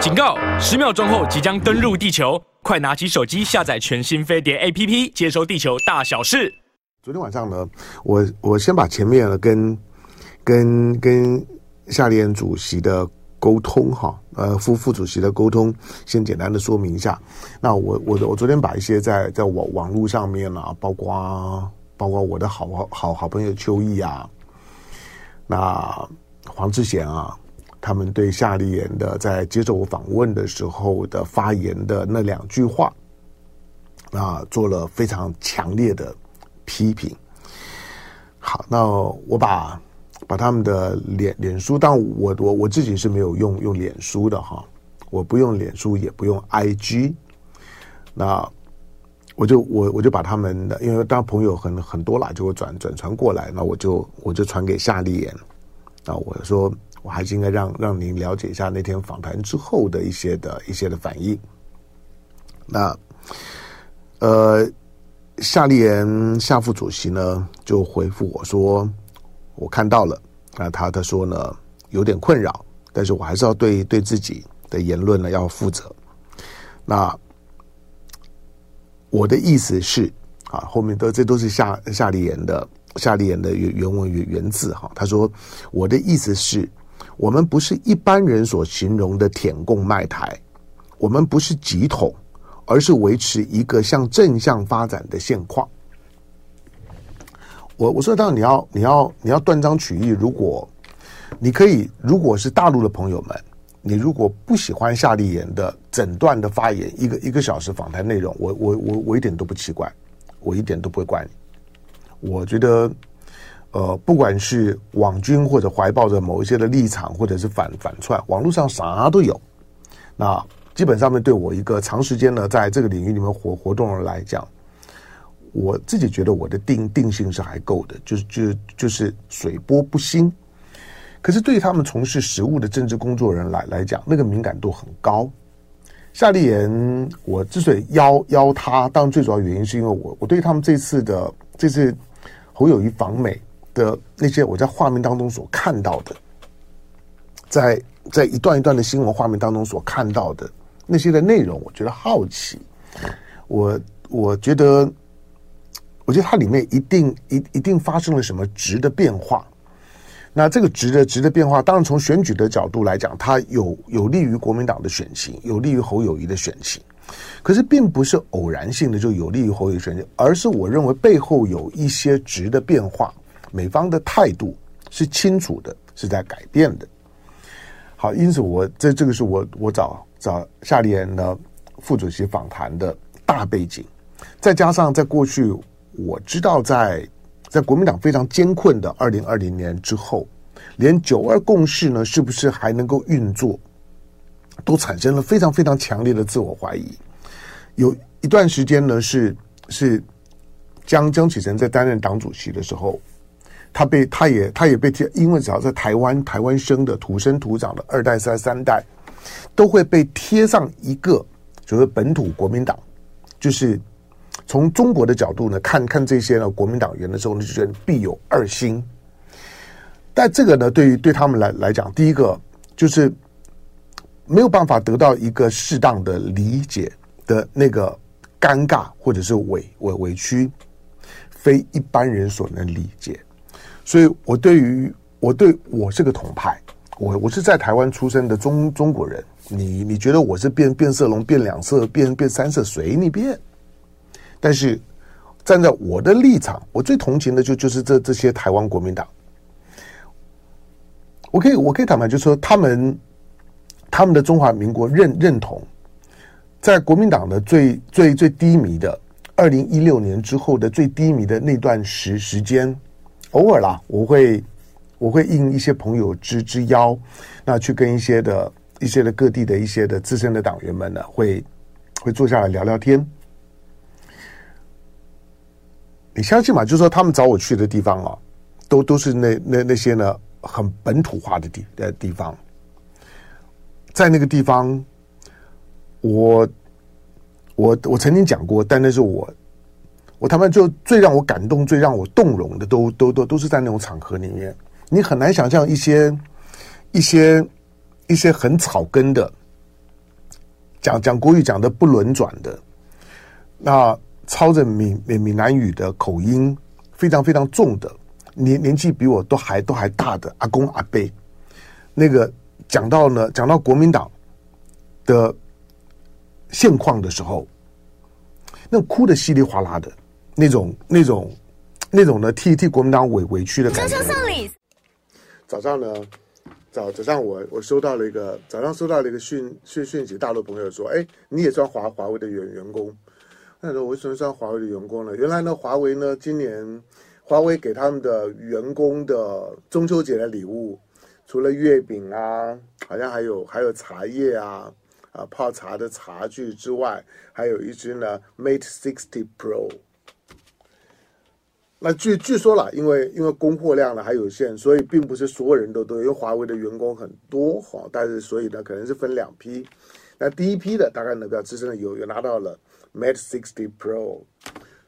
警告！十秒鐘後即將登陸地球、嗯，快拿起手機下載全新飛碟 APP，接收地球大小事。昨天晚上呢，我我先把前面的跟跟跟夏立言主席的溝通哈，呃副副主席的溝通，先簡單的說明一下。那我我我昨天把一些在在網網路上面啊，包括包括我的好好好朋友邱毅啊，那黃志賢啊。他們對夏立言的在接受我訪問的時候的發言的那兩句話，啊，做了非常強烈的批評。好，那我把把他們的臉臉書，但我我我自己是沒有用用臉書的哈，我不用臉書，也不用 IG。那我就我我就把他們的，因為當朋友很很多啦，就會轉轉傳過來，那我就我就傳給夏立言啊，我說，我還是應該讓讓您了解一下那天訪談之後的一些的一些的反應。那呃，夏立言、夏副主席呢就回復我說，我看到了，那他他說呢，有點困擾，但是我還是要對對自己的言論呢要負責。那我的意思是啊，後面都這都是夏夏立言的夏立言的原原文原原字哈，他說我的意思是。啊我們不是一般人所形容的舔共賣台，我們不是急統，而是維持一個向正向發展的現況。我我說到，你要你要你要斷章取義，如果你可以，如果是大陸的朋友們，你如果不喜歡夏立言的整段的發言，一個一個小時訪談內容，我我我我一點都不奇怪，我一點都不會怪你。我覺得。呃，不管是網軍或者懷抱着某一些的立場，或者是反反串，網絡上啥都有。那基本上面對我一個長時間呢，在這個領域裡面活活動的人來講，我自己覺得我的定定性是還夠的，就是就是就是水波不興。可是對他們從事實務的政治工作人來來講，那個敏感度很高。夏立言，我之所以邀邀他，當然最主要原因是因為我我對他們這次的這次侯友宜訪美的那些我在畫面當中所看到的，在在一段一段的新聞畫面當中所看到的那些的內容，我覺得好奇，我我覺得，我覺得它裡面一定一一定發生了什麼質的變化。那這個質的質的變化，當然從選舉的角度來講，它有有利於國民黨的選情，有利於侯友宜的選情。可是並不是偶然性的就有利於侯友宜選情，而是我認為背後有一些質的變化。美方的態度是清楚的，是在改變的。好，因此我這這個是我我找找夏立言呢副主席訪談的大背景，再加上在過去，我知道在在國民黨非常艱困的二零二零年之後，連九二共識呢是不是還能夠運作，都產生了非常非常強烈的自我懷疑。有一段時間呢是是江江啟臣在擔任黨主席的時候。他被他也他也被貼，因為只要在台灣台灣生的土生土長的二代、三三代，都會被貼上一個就是本土國民黨。就是從中國的角度呢，看看這些呢國民黨員的時候呢，就覺得必有二心。但這個呢，對於對他們來來講，第一個就是沒有辦法得到一個適當的理解的那個尷尬或者是委委委屈，非一般人所能理解。所以，我對於我對，我是個統派，我我是在台灣出生的中中國人。你你覺得我是變變色龍，變兩色，變變三色，隨你變。但是站在我的立場，我最同情的就就是這這些台灣國民黨。我可以我可以坦白就是說，他們他們的中華民國認認同在國民黨的最最最最低迷的二零一六年之後的最低迷的那段時時間。偶爾啦，我會我會應一些朋友之之邀，那去跟一些的、一些的各地的一些的資深的黨員們呢，會會坐下來聊聊天。你相信嘛？就是說，他們找我去的地方啊，都都是那那那些呢，很本土化的地的地方，在那個地方，我我我曾經講過，但那是我，我他媽就最讓我感動、最讓我動容的都，都都都都是在那種場合裡面。你很難想象一些一些一些很草根的，講講國語講的不輪轉的，那操着閩閩閩南語的口音非常非常重的年年紀比我都還都還大的阿公阿伯，那個講到呢講到國民黨的現況的時候，那哭的稀裡嘩啦的。那種那種那種呢，替替國民黨委委屈的感覺。中秋送禮。早上呢，早早上我我收到了一個早上收到了一個訊訊訊息，大陸朋友說：“哎，你也算華華為的員員工。”那時候我為什麼算華為的員工呢？原來呢，華為呢今年華為給他們的員工的中秋節的禮物，除了月餅啊，好像還有還有茶葉啊啊泡茶的茶具之外，還有一支呢 Mate 60 Pro。啊，據據說了，因為因為供貨量呢還有限，所以並不是所有人都都有。因為華為的員工很多哈，但是所以呢，可能是分兩批。那第一批的大概呢，比較資深的有有拿到了 Mate 60 Pro，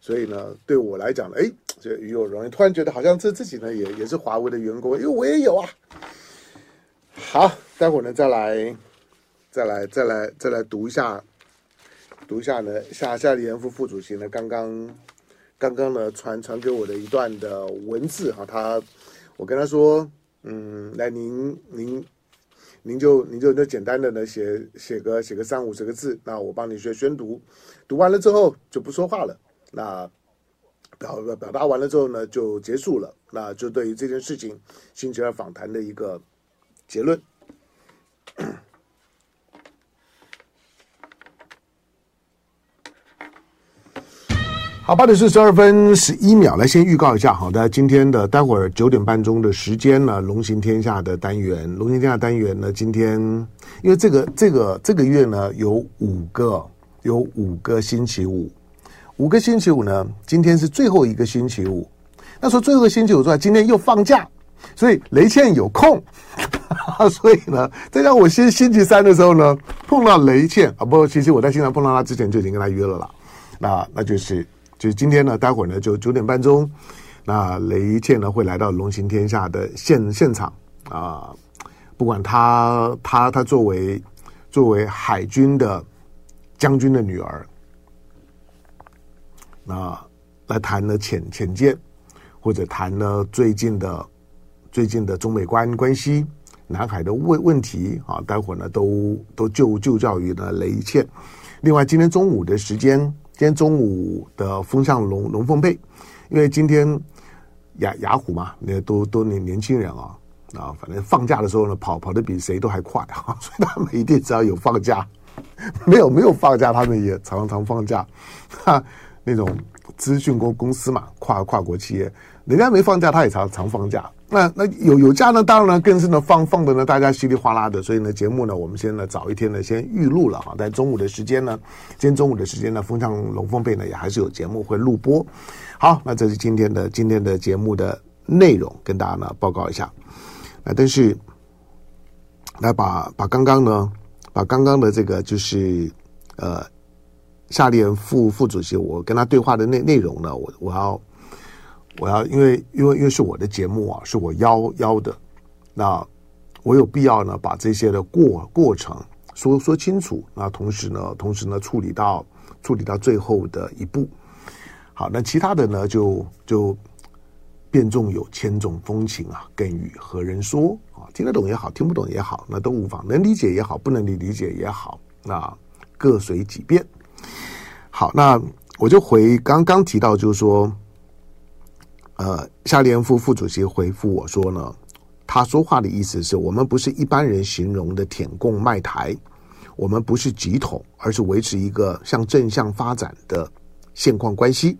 所以呢，對我來講呢，哎，這與有榮焉，突然覺得好像這自己呢也也是華為的員工，因為我也有啊。好，待會兒呢再來，再來，再來，再來讀一下，讀一下呢，夏夏立言副副主席呢剛剛。剛剛呢，傳傳給我的一段的文字哈，他，我跟他說，嗯，來您您，您就您就您就簡單的呢寫寫個寫個三五十個字，那我幫你去宣讀，讀完了之後就不說話了，那表表達完了之後呢就結束了，那就對於這件事情進行了訪談的一個結論。 好，八點四十二分十一秒，來先預告一下，好的，大家今天的待會兒九點半鐘的時間呢，龍行天下的單元，龍行天下單元呢，今天因為這個這個這個月呢有五個有五個星期五，五個星期五呢，今天是最後一個星期五，那說最後一個星期五之外，今天又放假，所以雷倩有空，呵呵所以呢，再讓我先星期三的時候呢碰到雷倩，啊，不，其實我在現場碰到他之前就已經跟他約了啦，那那就是。就是今天呢，待會兒呢，就九點半鐘，那雷倩呢會來到龍行天下的現現場啊。不管她她她作為作為海軍的將軍的女兒，那、啊、來談了潛潛艦，或者談了最近的最近的中美關關係、南海的問問題啊。待會兒呢，都都就就教育呢雷倩。另外，今天中午的時間。今天中午的風向龍龍鳳配，因為今天雅雅虎嘛，那都都年年輕人啊、哦、啊，反正放假的時候呢，跑跑得比誰都還快的、啊，所以他們一定只要有放假，沒有沒有放假，他們也常常放假哈，那種資訊公公司嘛，跨跨國企業，人家沒放假，他也常常放假。那那有有家呢，當然呢，更是呢放放的呢，大家稀里嘩啦的，所以呢節目呢，我們先呢早一天呢先預錄了哈，在中午的時間呢，今天中午的時間呢，風向龍鳳配呢也還是有節目會錄播。好，那這是今天的今天的節目的內容，跟大家呢報告一下。啊，但是來把把剛剛呢，把剛剛的這個就是呃，夏立言副副主席，我跟他對話的內內容呢，我我要。我要因為因為因為是我的節目啊，是我邀邀的，那我有必要呢把這些的過過程說說清楚。那同時呢，同時呢處理到處理到最後的一步。好，那其他的呢就就便縱有千種風情啊，更與何人說啊？聽得懂也好，聽不懂也好，那都無妨。能理解也好，不能理理解也好，那各隨己便。好，那我就回剛剛提到，就是說。呃，夏立言副副主席回復我說呢，他說話的意思是我們不是一般人形容的“舔共賣台”，我們不是極統，而是維持一個向正向發展的現況關係。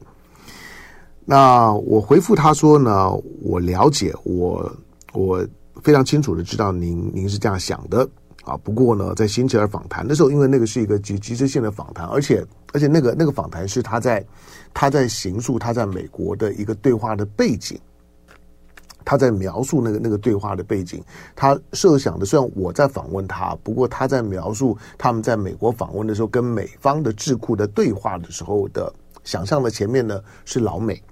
那我回復他說呢，我了解，我我非常清楚的知道您您是這樣想的。啊，不過呢，在星期二訪談的時候，因為那個是一個極極致性的訪談，而且而且那個那個訪談是他在他在敘述他在美國的一個對話的背景，他在描述那個那個對話的背景，他設想的雖然我在訪問他，不過他在描述他們在美國訪問的時候跟美方的智庫的對話的時候的想象的前面呢是老美，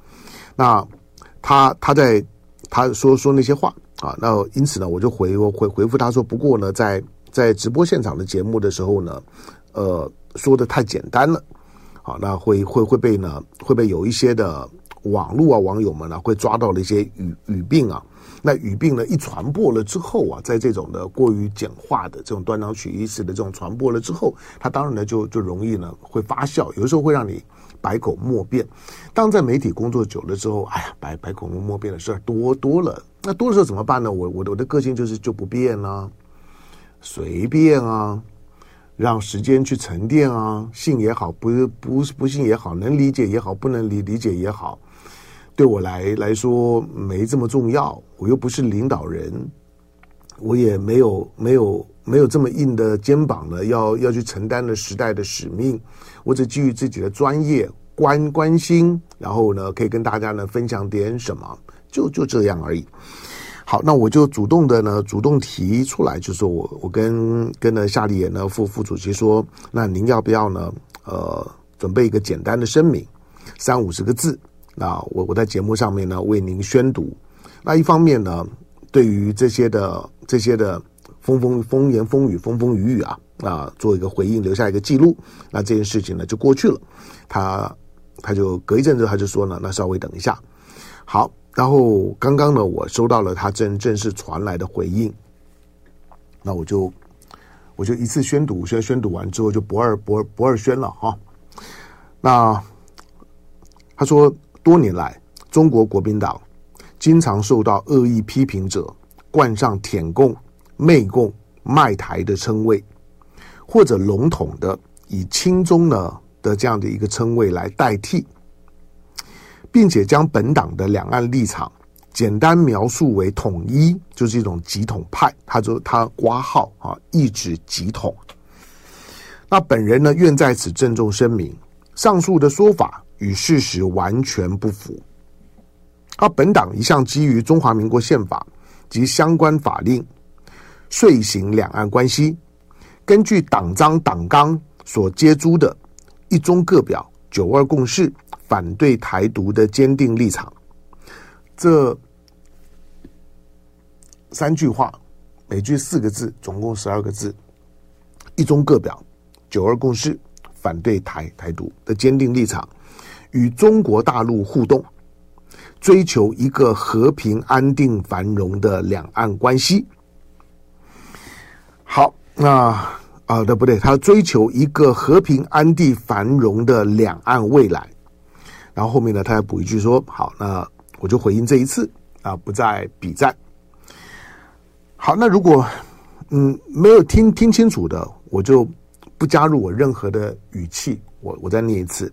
那他他在他說說那些話啊，那因此呢，我就回我回回復他說，不過呢，在在直播現場的節目的時候呢，呃，說得太簡單了，好，那會會會被呢，會被有一些的網絡啊網友們呢、啊，會抓到了一些語語病啊。那語病呢，一傳播了之後啊，在這種的過於簡化的這種斷章取義式的這種傳播了之後，它當然呢就就容易呢會發酵，有時候會讓你百口莫辯。當在媒體工作久了之後，哎呀，百百口莫辯的事兒多多了。那多的時候怎麼辦呢？我我的我的個性就是就不變呢、啊。隨便啊，讓時間去沉澱啊。信也好，不不不信也好，能理解也好，不能理理解也好，對我來來說沒這麼重要。我又不是領導人，我也沒有沒有沒有這麼硬的肩膀呢，要要去承擔的時代的使命。我只基於自己的專業關關心，然後呢，可以跟大家呢分享點什麼，就就這樣而已。好，那我就主動的呢，主動提出來，就是說我我跟跟呢夏立言呢副副主席說，那您要不要呢？呃，準備一個簡單的聲明，三五十個字。那、啊、我我在節目上面呢為您宣讀。那一方面呢，對於這些的這些的風風風言風語風風雨雨啊啊，做一個回應，留下一個記錄。那這件事情呢就過去了。他他就隔一陣子他就說呢，那稍微等一下。好。然後剛剛呢，我收到了他正正式傳來的回應，那我就我就一次宣讀，宣宣讀完之後就不二不二不二宣了哈。那他說，多年來中國國民黨經常受到惡意批評者冠上“舔共”“媚共”“賣台”的稱謂，或者籠統的以“親中”的的這樣的一個稱謂來代替。並且將本黨的兩岸立場簡單描述為統一，就是一種急統派。他就他掛號啊，一直急統。那本人呢，願在此鄭重聲明，上述的說法與事實完全不符。而、啊、本黨一向基於中華民國憲法及相關法令，遂行兩岸關係。根據黨章黨綱所揭櫫的一中各表、九二共識，反對台獨的堅定立場，這三句話，每句四個字，總共十二個字。一中各表，九二共識，反對台台獨的堅定立場，與中國大陸互動，追求一個和平安定繁榮的兩岸關係。好，那啊，不對、啊、不對，他追求一個和平安定繁榮的兩岸未來。然後後面呢，他要補一句說：“好，那我就回應這一次啊，不再筆戰。”好，那如果嗯沒有聽聽清楚的，我就不加入我任何的語氣。我我再念一次：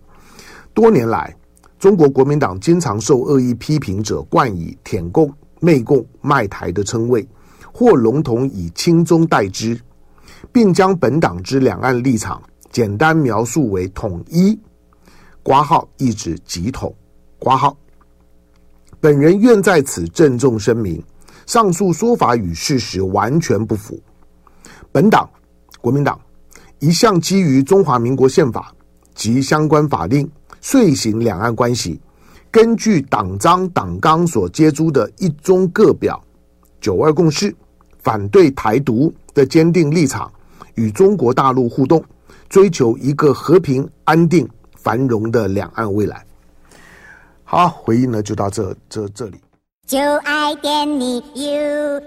多年來，中國國民黨經常受惡意批評者冠以“舔共”“媚共”“賣台”的稱謂，或籠統以“親中”代之，並將本黨之兩岸立場簡單描述為“統一”。括號一直急統括號，本人願在此鄭重聲明：上述說法與事實完全不符。本黨國民黨一向基於《中華民國憲法》及相關法令，遂行兩岸關係。根據黨章、黨綱所接諸的一中各表、九二共識，反對台獨的堅定立場，與中國大陸互動，追求一個和平安定。繁榮的兩岸未來，好，回應呢，就到這這這裡。就愛給你，you